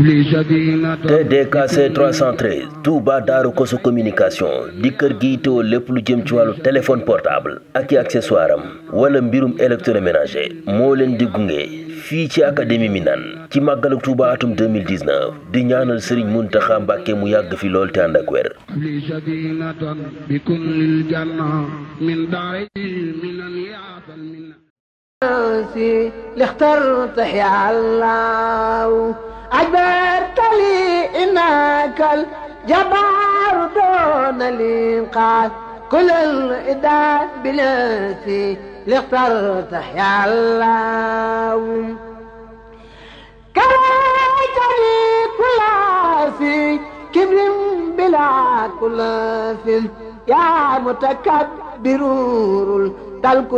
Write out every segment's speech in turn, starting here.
TDKC 313 tuuba Daaru Koso communication di kër gi itoo lépp lu jëm ci wàllu téléphone portable ak i accessoire wala mbirum électroménager moo leen di gunge fii ci académie Minane ci màggaluk Touba atum di ñaanal sëriñ Muntaxa Mbàkke mu yàgg fi lool te ànd ak wér لخترت يا الله الجبار دون الإنقاذ كل الإداد بنفسي لاخترت يا الله كرهتني كل في كبر بلا كل في يا متكبر تلك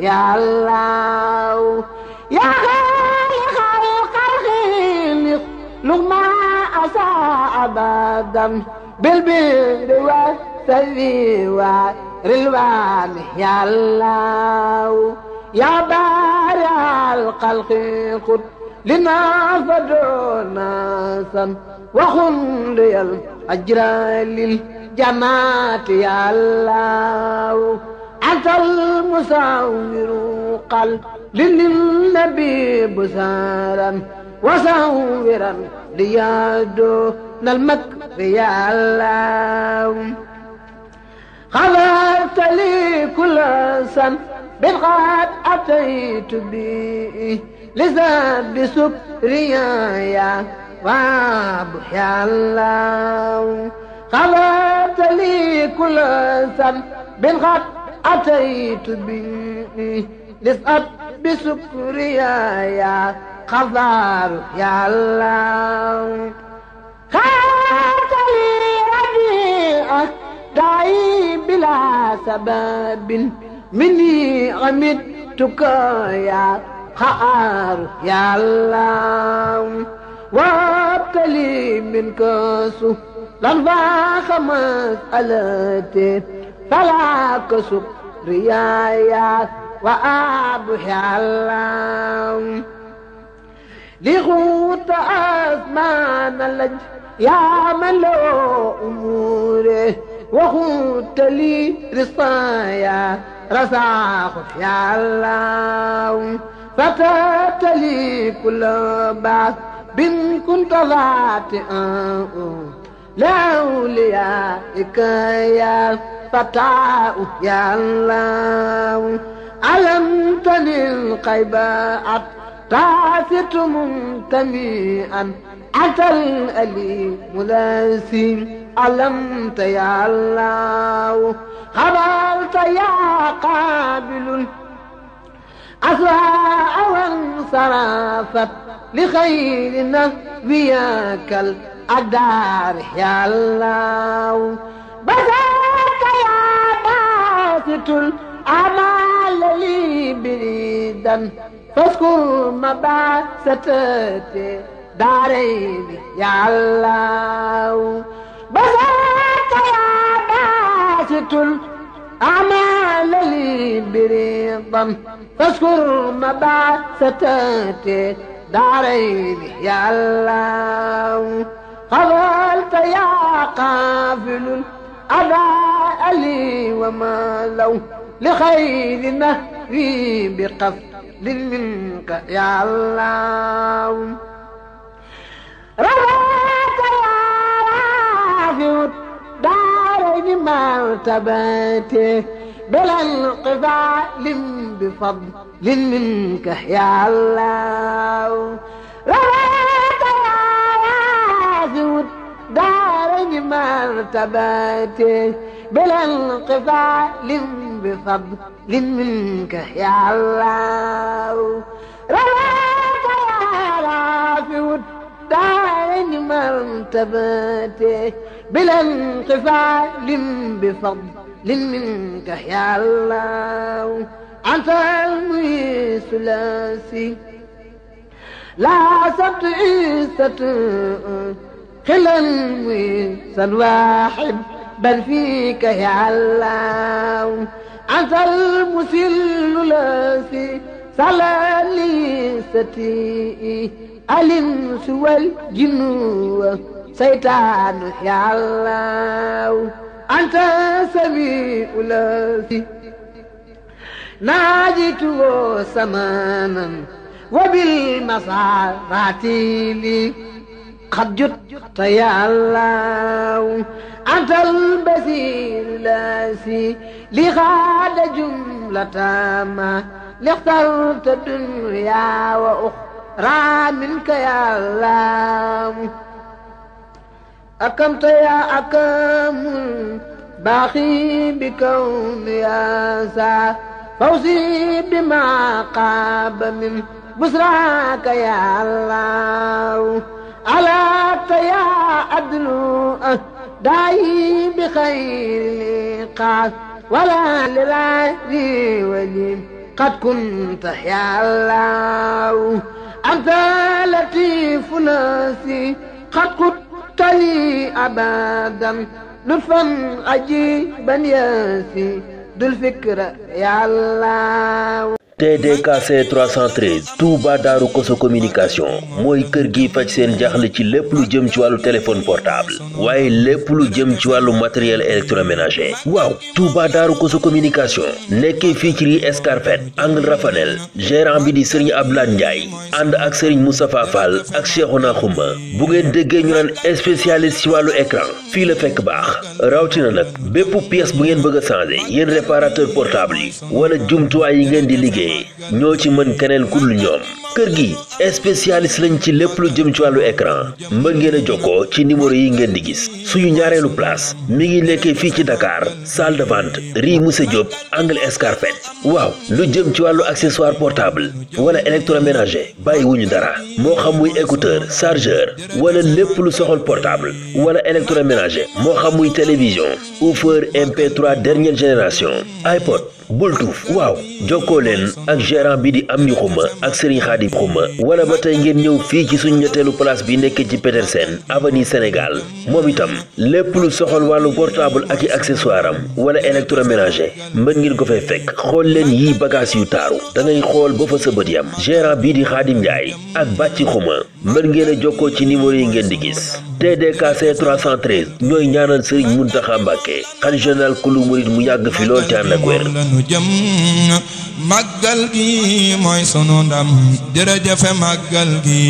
يا الله يا غير القدم بالبر والسلي والرلوان يا الله يا بارع الخلق قد لنا فدعونا سم وخن لي الأجر للجماعة يا الله أنت المساور قل للنبي بسارا وساورا ليادو na المكر يا الله غفرت لي كل سن بالغاد أتيت به لذنب سكريا يا رب يا الله غفرت لي كل سن بالغاد أتيت به لذنب سكريا يا غفار يا الله متاعي بلا سبب مني عمدتك يا خار يا الله وابتلي منك سهلا فاخ مسألتي فلا كسب ريايا وأبحي الله لغوت أزمان اللج يا من له أموره وخنت لي رصايا رزاق يا الله فتات لي كل بعث بن كنت ذاتئا لأوليائك يا فتاة يا الله علمتني القيبات طافت منتميئا أتى الأليم لاسيم علمت يا الله خبرت يا قابل أسواء وانصرفت لخير نبياك الأدار يا الله بذاك يا باسط أعمال لي بريدا فاذكر مبعثتي دارين يا الله بسات يا باسط الأعمال لي بريضا فاذكر مبعثتي دارين يا الله قبلت يا قافل أداء لي وما لو li xayri nahwi bi qasdin minka yaa Allah rawaaka yaa raafi'u daarayni martabati bila inqitaa'in bi fadlin minka yaa Allah rawaaka yaa raafi'u daarayni martabati bila inqitaa'in بفضل منك يا الله رواك يا رافع الدارين مرتبته بلا انقفال بفضل منك يا الله أنت المي ثلاثي لا سبت إيسة خلا سن واحد بل فيك يا الله أنت المسل لاسي سلالي ستي الإنس والجن سيطان يا الله أنت سميع لاسي ناجيت سمانا وبالمصارات لي قد جدت يا الله أنت البصير لاسي li xaada jumlataama li xtarta dunya wa uxra minka yaa laamu akamta yaa akamul باخي بكون يا سا فوزي بما قاب من بسراك يا الله على يا أدلو داي بخير لقاك ولا لغيري ولي قد كنت يا الله أنت لطيف ناسي قد كنت لي أبدا لطفا عجيبا ياسي ذو الفكرة يا الله TDKC 313 Touba Daaru Koso communication mooy kër gi faj seen jaaxle ci lépp lu jëm ci wàllu téléphone portable waaye lépp lu jëm ci wàllu matériel électroménager waaw Touba Daaru Koso communication nekkee fii ci rue Escarpette angle Rafanel gérant bi di Serigne Abdoulaye Ndiaye ànd ak Serigne Moustapha Fall ak Cheikhouna Khouma bu ngeen déggee ñu naan spécialiste ci wàllu écran fii la fekk baax rawatina nag bépp pièce bu ngeen bëgg a changer yéen réparateur portable yi wala jumtuwaay yi ngeen di liggéey ñoo ci mën keneen ku dul ñoom kër gi spécialiste lañ ci lépp lu jëm ci wàllu écran mën ngeen a jokkoo ci numéro yi ngeen di gis suñu ñaareelu place mi ngi nekkee fii ci dakaar salle de vente rue Moussa Diop angle Escarpette waaw lu jëm ci wàllu accessoire portable wala électroménager bàyyiwuñu dara moo xamuy muy écouteur chargeur wala lépp lu soxal portable wala électroménager moo xamuy télévision offeur MP3 dernière génération iPod bul tuuf waaw jokkoo leen ak geran bi di am ni xuma ak sëriñ xaadim xuma wala ba tey ngeen ñëw fii ci suñ ñetteelu place bi nekk ci Petersen avani Sénégal moom itam lépp lu soxal wàllu portable ak i accessoire am wala électroménager mën ngeen ko fay fekk xool leen yii bagage yu taaru da ngay xool ba fa sa bët yam geran bi di xaadim Njaay ak bàcci xuma mën ngeen a jokkoo ci numéro yi ngeen di gis te TDKC 313 ñooy ñaanal sëriñ Muntaxa Mbàkke xalifa général kulu murit mu yàgg fi lool te ànd jëm màggal gi mooy sunu ndam jërëjëfe màggal gi